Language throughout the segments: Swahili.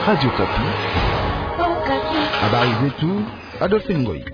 Radio Kapi. Habari zetu Adolphe Ngoi.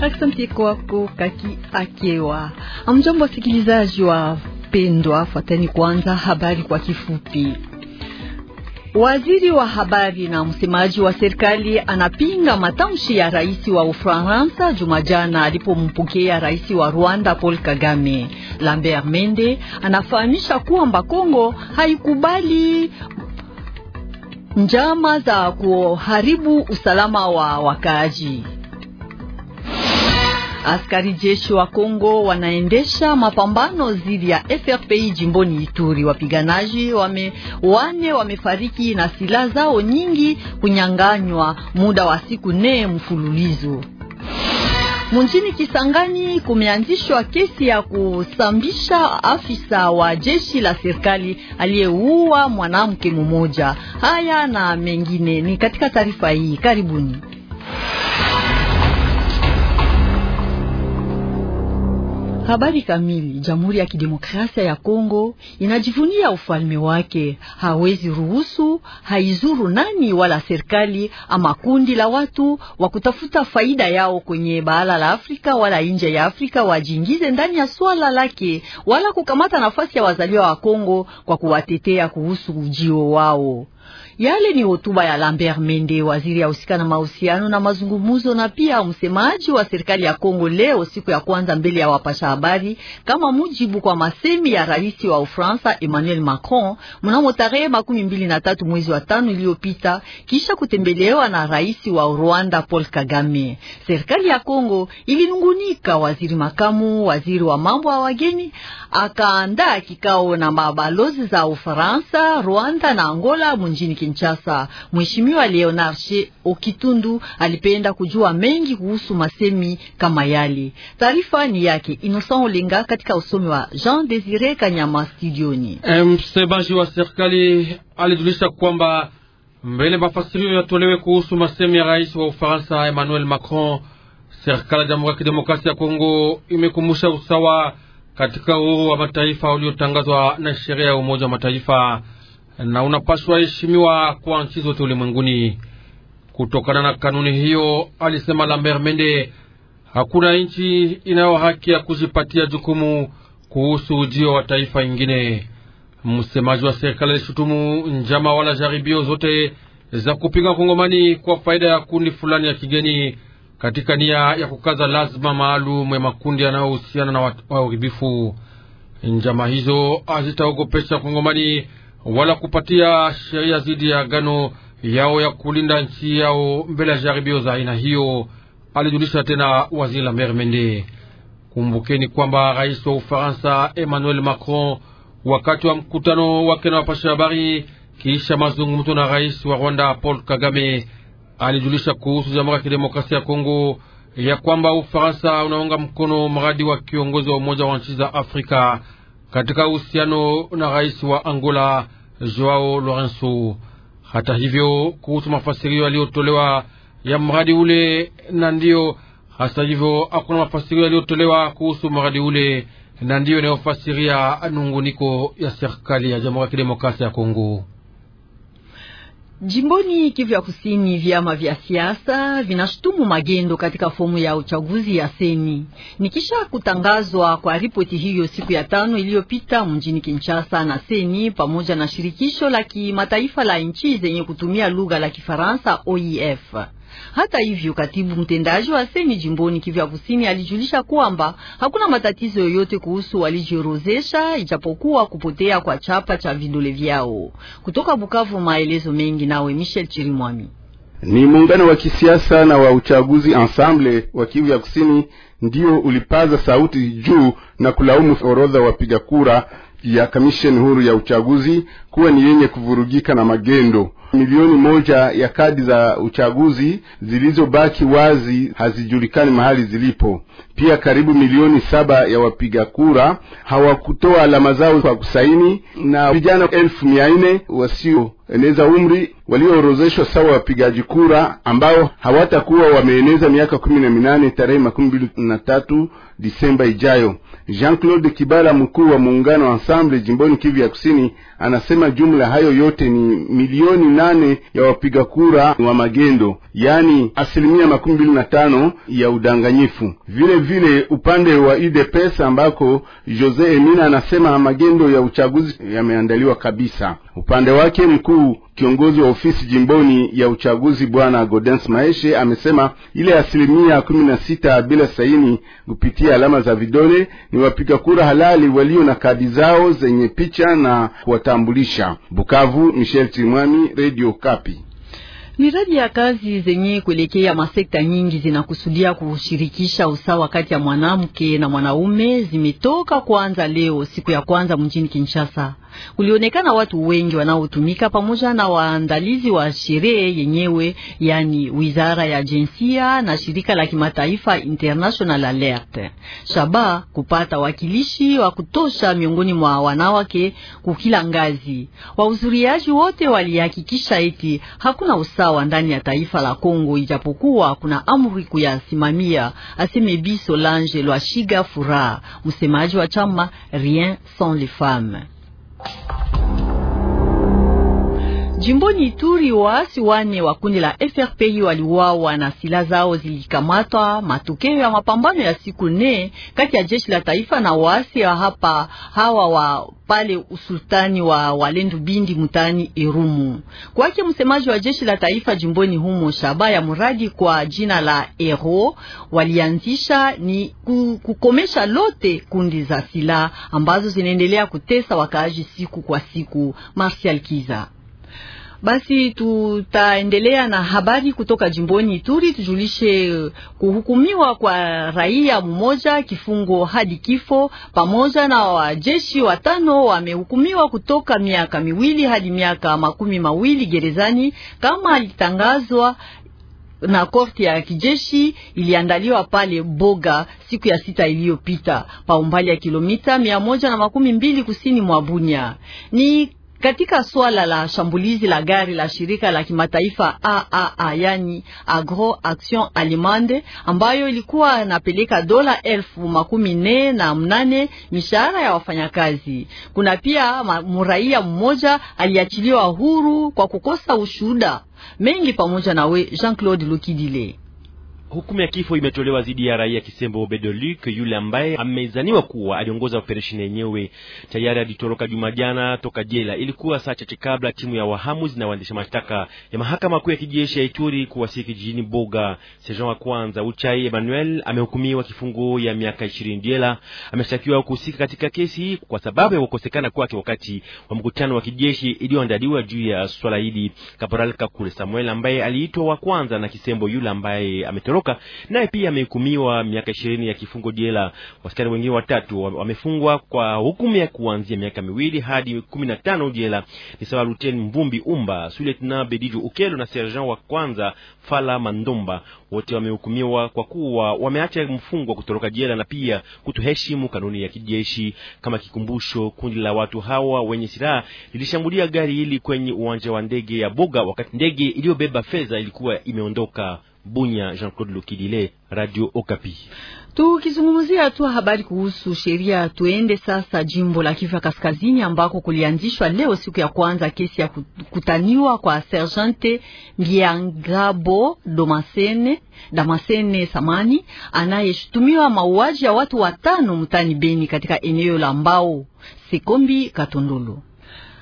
Asante kwako Kaki Akewa. Amjambo wasikilizaji wapendwa, fuateni kwanza habari kwa kifupi. Waziri wa habari na msemaji wa serikali anapinga matamshi ya rais wa Ufaransa Jumajana alipompokea rais wa Rwanda Paul Kagame. Lambert Mende anafahamisha kwamba Kongo haikubali njama za kuharibu usalama wa wakaaji. Askari jeshi wa Kongo wanaendesha mapambano dhidi ya FRPI jimboni Ituri. Wapiganaji wame, wane wamefariki na silaha zao nyingi kunyanganywa muda wa siku nne mfululizo. Munjini Kisangani kumeanzishwa kesi ya kusambisha afisa wa jeshi la serikali aliyeuwa mwanamke mmoja. Haya na mengine ni katika taarifa hii, karibuni. Habari kamili. Jamhuri ya Kidemokrasia ya Kongo inajivunia ufalme wake, hawezi ruhusu haizuru nani wala serikali ama kundi la watu wa kutafuta faida yao kwenye bara la Afrika wala nje ya Afrika wajiingize ndani ya swala lake wala kukamata nafasi ya wazaliwa wa Kongo kwa kuwatetea kuhusu ujio wao. Yale ni hotuba ya Lambert Mende, waziri ya husika na mahusiano na mazungumzo, na pia msemaji wa serikali ya Kongo leo siku ya kwanza mbele ya wapasha habari, kama mujibu kwa masemi ya rais wa Ufaransa Emmanuel Macron mnamo tarehe makumi mbili na tatu mwezi wa tano iliyopita, kisha kutembelewa na rais wa Rwanda Paul Kagame. Serikali ya Kongo ilinungunika, waziri makamu waziri wa mambo ya wa wageni akaandaa kikao na mabalozi za Ufaransa, Rwanda na Angola munjini mjini Kinshasa. Mheshimiwa Leonarche Okitundu alipenda kujua mengi kuhusu masemi kama yale. Taarifa ni yake Innocent Olinga katika usomi wa Jean Desire Kanyama studioni. Eh, msemaji wa serikali alijulisha kwamba mbele mafasirio yatolewe kuhusu masemi ya rais wa Ufaransa Emmanuel Macron, serikali ya Jamhuri ya Kidemokrasia ya Kongo imekumbusha usawa katika uhuru wa mataifa uliotangazwa na sheria ya Umoja wa Mataifa na unapaswa heshimiwa kwa nchi zote ulimwenguni. Kutokana na kanuni hiyo, alisema Lambert Mende, hakuna nchi inayo haki ya kujipatia jukumu kuhusu ujio wa taifa ingine. Msemaji wa serikali alishutumu njama wala jaribio zote za kupinga Kongomani kwa faida ya kundi fulani ya kigeni katika nia ya kukaza lazima maalum ya makundi yanayohusiana na wauribifu Njama hizo hazitaogopesha Kongomani wala kupatia sheria dhidi ya agano yao ya kulinda nchi yao mbele ya jaribio za aina hiyo, alijulisha tena waziri Lambert Mende. Kumbukeni kwamba rais wa Ufaransa Emmanuel Macron wakati wa mkutano wake na wapasha habari kisha mazungumzo na rais wa Rwanda Paul Kagame alijulisha kuhusu Jamhuri ya Kidemokrasia ya Kongo ya kwamba Ufaransa unaunga mkono mradi wa kiongozi wa Umoja wa nchi za Afrika katika uhusiano na rais wa Angola Joao Lorenzo. Hata hivyo, kuhusu mafasirio yaliyotolewa ya mradi ule, na ndiyo hasa hivyo hakuna mafasirio yaliyotolewa kuhusu mradi ule, na ndiyo inayofasiria nunguniko ya serikali ya Jamhuri ya Kidemokrasia ya Kongo. Jimboni Kivu ya Kusini, vyama vya siasa vinashutumu magendo katika fomu ya uchaguzi ya seni. Nikisha kutangazwa kwa ripoti hiyo siku ya tano iliyopita mjini Kinshasa na seni pamoja na shirikisho la kimataifa la nchi zenye kutumia lugha la Kifaransa, OIF. Hata hivyo, katibu mtendaji wa seni jimboni Kivya Kusini alijulisha kwamba hakuna matatizo yoyote kuhusu walijiorozesha, ijapokuwa kupotea kwa chapa cha vidole vyao. Kutoka Bukavu, maelezo mengi nawe Michel Chirimwami. Ni muungano wa kisiasa na wa uchaguzi Ensemble wa Kivu ya Kusini ndio ulipaza sauti juu na kulaumu orodha wapiga kura ya kamisheni huru ya uchaguzi kuwa ni yenye kuvurugika na magendo. Milioni moja ya kadi za uchaguzi zilizobaki wazi hazijulikani mahali zilipo. Pia karibu milioni saba ya wapiga kura hawakutoa alama zao kwa kusaini, na vijana elfu mia nne wasioeneza umri walioorozeshwa sawa wapigaji kura ambao hawatakuwa wameeneza miaka kumi na minane tarehe makumi mbili na tatu Disemba ijayo. Jean-Claude Kibala, mkuu wa muungano wa Ensemble jimboni Kivu ya Kusini, anasema jumla hayo yote ni milioni nane ya wapiga kura wa magendo, yaani asilimia makumi mbili na tano ya udanganyifu. Vile vile upande wa UDPS ambako Jose Emina anasema magendo ya uchaguzi yameandaliwa kabisa. Upande wake mkuu kiongozi wa ofisi jimboni ya uchaguzi bwana Godens Maeshe amesema ile asilimia kumi na sita bila saini kupitia alama za vidole ni wapiga kura halali walio na kadi zao zenye picha na kuwatambulisha. Bukavu, Michel Timwami, Radio Kapi. Miradi ya kazi zenye kuelekea masekta nyingi zinakusudia kushirikisha usawa kati ya mwanamke na mwanaume zimetoka kuanza leo siku ya kwanza mjini Kinshasa kulionekana watu wengi wanaotumika pamoja na waandalizi wa sherehe yenyewe, yani wizara ya jinsia na shirika la kimataifa International Alert Shaba kupata wakilishi wa kutosha miongoni mwa wanawake kukila ngazi. Wahudhuriaji wote walihakikisha eti hakuna usawa ndani ya taifa la Kongo, ijapokuwa kuna amri kuyasimamia, aseme Bi Solange Lwashiga Furaha, msemaji wa chama Rien sans les femmes. うん。Jimboni Ituri, waasi wane wa kundi la FRPI waliuawa na silaha zao zilikamatwa, matokeo ya mapambano ya siku nne kati ya jeshi la taifa na waasi ya hapa hawa wa pale usultani wa Walendu Bindi mtaani Irumu. Kwake msemaji wa jeshi la taifa jimboni humo, shaba ya muradi kwa jina la Ero walianzisha ni kukomesha lote kundi za silaha ambazo zinaendelea kutesa wakaaji siku kwa siku. Martial Kiza basi tutaendelea na habari kutoka jimboni Ituri. Tujulishe uh, kuhukumiwa kwa raia mmoja kifungo hadi kifo, pamoja na wajeshi watano wamehukumiwa kutoka miaka miwili hadi miaka makumi mawili gerezani kama alitangazwa na korti ya kijeshi iliandaliwa pale Boga siku ya sita iliyopita pa umbali ya kilomita mia moja na makumi mbili kusini mwa Bunya. Ni katika swala la shambulizi la gari la shirika la kimataifa AAA, yani Agro Action Alimande, ambayo ilikuwa inapeleka dola elfu makumi nne na mnane mishahara ya wafanyakazi. Kuna pia mraia mmoja aliachiliwa huru kwa kukosa ushuhuda mengi, pamoja nawe Jean-Claude Lukidile. Hukumu ya kifo imetolewa dhidi ya raia Kisembo Obedoluk, yule ambaye amezaniwa kuwa aliongoza operesheni yenyewe. Tayari alitoroka Jumajana toka jela. Ilikuwa saa chache kabla timu ya wahamuzi na waendesha mashtaka ya mahakama kuu ya kijeshi ya Ituri kuwasili kijijini Boga. Sergeant wa kwanza Uchai Emmanuel amehukumiwa kifungo ya miaka ishirini jela. Ameshtakiwa kuhusika katika kesi hii kwa sababu ya kukosekana kwake wakati wa mkutano wa kijeshi iliyoandaliwa juu ya swala hili. Kaporal Kakule Samuel ambaye aliitwa wa kwanza na Kisembo yule ambaye ametoroka Nyoka naye pia amehukumiwa miaka ishirini ya kifungo jela. Wasichana wengine watatu wamefungwa kwa hukumu ya kuanzia miaka miwili hadi kumi na tano jela, ni sawa Luteni Mvumbi Umba, Suletna Bediju Ukelo na serjan wa kwanza Fala Mandomba. Wote wamehukumiwa kwa kuwa wameacha mfungwa kutoroka jela na pia kutoheshimu kanuni ya kijeshi. Kama kikumbusho, kundi la watu hawa wenye silaha lilishambulia gari hili kwenye uwanja wa ndege ya Boga wakati ndege iliyobeba fedha ilikuwa imeondoka. Bunya, Jean-Claude Lukidile, Radio Okapi. Tukizungumzia hatua habari kuhusu sheria, tuende sasa jimbo la Kivu Kaskazini ambako kulianzishwa leo siku ya kwanza kesi ya kutaniwa kwa Sergente Mbiangabo Domasene, Damasene Samani anayeshutumiwa mauaji ya watu watano mtani Beni katika eneo la Mbao Sekombi Katondolo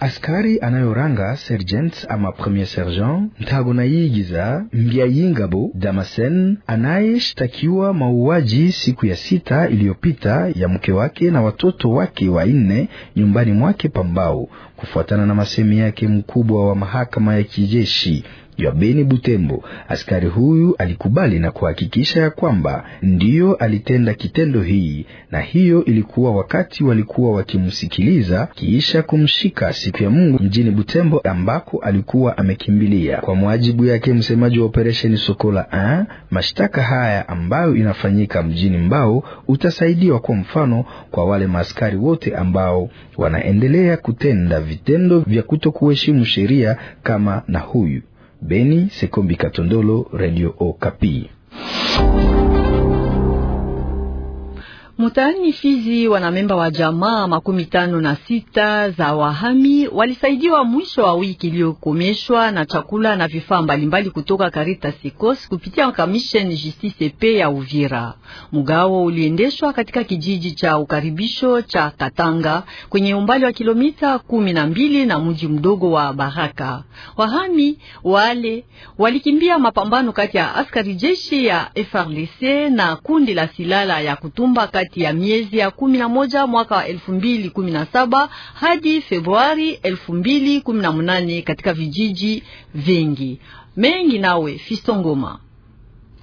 askari anayoranga sergeant ama premier sergeant ntagonayigiza mbyayingabo Damasen anayeshtakiwa mauaji siku ya sita iliyopita ya mke wake na watoto wake wanne nyumbani mwake Pambao, kufuatana na masemi yake mkubwa wa mahakama ya kijeshi ya Beni Butembo. Askari huyu alikubali na kuhakikisha ya kwamba ndiyo alitenda kitendo hii, na hiyo ilikuwa wakati walikuwa wakimsikiliza kiisha kumshika siku ya Mungu mjini Butembo ambako alikuwa amekimbilia. Kwa mwajibu yake msemaji wa operesheni Sokola A, mashtaka haya ambayo inafanyika mjini Mbao utasaidiwa kwa mfano kwa wale maaskari wote ambao wanaendelea kutenda vitendo vya kutokuheshimu sheria kama na huyu. Beni, Sekombi Katondolo, Radio Okapi. Mtaani Fizi wanamemba wa jamaa makumi tano na sita za wahami walisaidiwa mwisho wa wiki iliyokomeshwa na chakula na vifaa mbalimbali kutoka Karita Sikos kupitia Commission Justice pe ya Uvira. Mgao uliendeshwa katika kijiji cha ukaribisho cha Katanga kwenye umbali wa kilomita kumi na mbili na mji mdogo wa Baraka. Wahami wale walikimbia mapambano kati ya askari jeshi ya frdc na kundi la silala ya kutumba kati kati ya miezi ya kumi na moja mwaka wa elfu mbili kumi na saba hadi Februari elfu mbili kumi na katika vijiji vingi mengi. Nawe Fistongoma.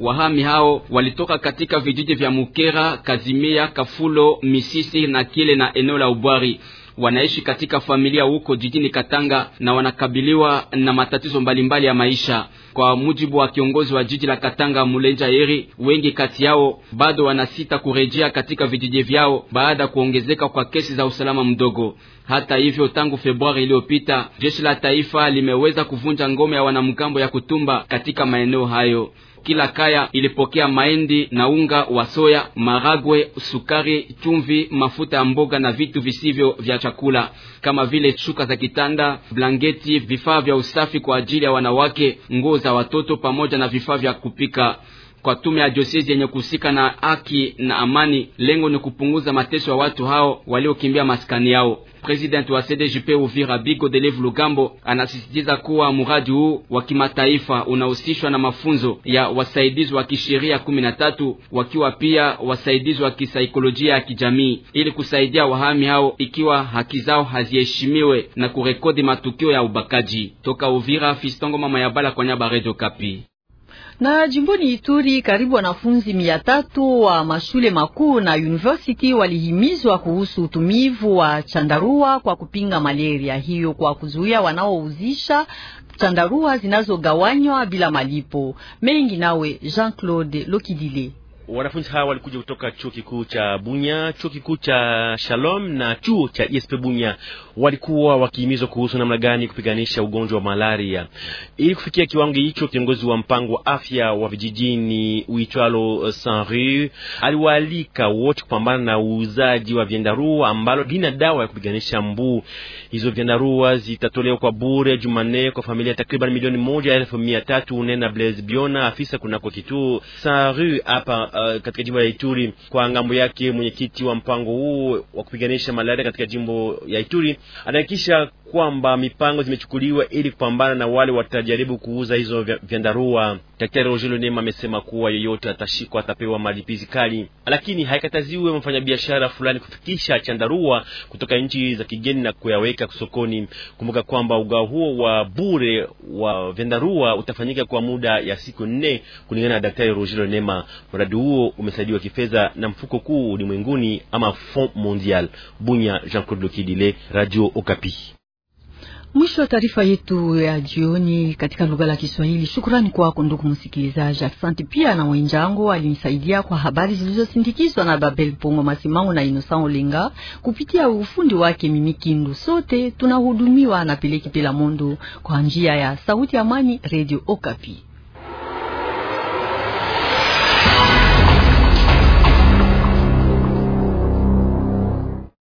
Wahami hao walitoka katika vijiji vya Mukera, Kazimia, Kafulo, Misisi na Kile na eneo la Ubwari wanaishi katika familia huko jijini Katanga na wanakabiliwa na matatizo mbalimbali ya maisha. Kwa mujibu wa kiongozi wa jiji la Katanga Mulenja Yeri, wengi kati yao bado wanasita kurejea katika vijiji vyao baada ya kuongezeka kwa kesi za usalama mdogo. Hata hivyo, tangu Februari iliyopita jeshi la taifa limeweza kuvunja ngome ya wanamgambo ya Kutumba katika maeneo hayo. Kila kaya ilipokea mahindi na unga wa soya, maragwe, sukari, chumvi, mafuta ya mboga na vitu visivyo vya chakula kama vile shuka za kitanda, blanketi, vifaa vya usafi kwa ajili ya wanawake, nguo za watoto pamoja na vifaa vya kupika kwa tume ya diosezi yenye kuhusika na haki na amani. Lengo ni kupunguza mateso ya wa watu hao waliokimbia maskani yao. President wa CDJP Uvira Bigo delive Lugambo anasisitiza kuwa muradi huu wa kimataifa unahusishwa na mafunzo ya wasaidizi wa kisheria kumi na tatu wakiwa pia wasaidizi wa kisaikolojia ya kijamii ili kusaidia wahami hao ikiwa haki zao haziheshimiwe na kurekodi matukio ya ubakaji. Toka Uvira, Fistongo Mama ya Bala kwa Nyaba, Radio Kapi. Na jimboni Ituri, karibu wanafunzi mia tatu wa mashule makuu na university walihimizwa kuhusu utumivu wa chandarua kwa kupinga malaria, hiyo kwa kuzuia wanaouzisha chandarua zinazogawanywa bila malipo mengi. Nawe Jean-Claude Lokidile. Wanafunzi hawa walikuja kutoka chuo kikuu cha Bunya, chuo kikuu cha Shalom na chuo cha ISP Bunya walikuwa wakihimizwa kuhusu namna gani kupiganisha ugonjwa wa malaria. Ili kufikia kiwango hicho, kiongozi wa mpango wa afya wa vijijini uitwalo uh, Sanru aliwaalika wote kupambana na uuzaji wa vyandarua ambalo lina dawa ya kupiganisha mbu. Hizo vyandarua zitatolewa kwa bure Jumanne kwa familia takriban milioni moja elfu mia tatu unena Blaise Biona, afisa kunako kituo Sanru hapa uh, katika jimbo la Ituri. Kwa ngambo yake, mwenyekiti wa mpango huu wa kupiganisha malaria katika jimbo ya Ituri anahakikisha kwamba mipango zimechukuliwa ili kupambana na wale watajaribu kuuza hizo vyandarua. Daktari Roger Lonema amesema kuwa yeyote atashikwa atapewa malipizi kali, lakini haikataziwe mfanyabiashara fulani kufikisha chandarua kutoka nchi za kigeni na kuyaweka sokoni. Kumbuka kwamba ugao huo wa bure wa vyandarua utafanyika kwa muda ya siku nne, kulingana na Daktari Roger Lonema. Mradi huo umesaidiwa kifedha na mfuko kuu ulimwenguni ama Fond Mondial. Bunya, Jean Claude Lokidile, Radio Okapi. Mwisho wa taarifa yetu ya jioni katika lugha la Kiswahili. Shukrani kwako ndugu msikilizaji, asante pia na mwenjangu alinisaidia kwa habari zilizosindikizwa na Babel Pongo Masimango na Innocent olinga kupitia ufundi wake. Mimi Kindu, sote tunahudumiwa na Peleki Pela Mondo kwa njia ya Sauti ya Amani, Radio Okapi.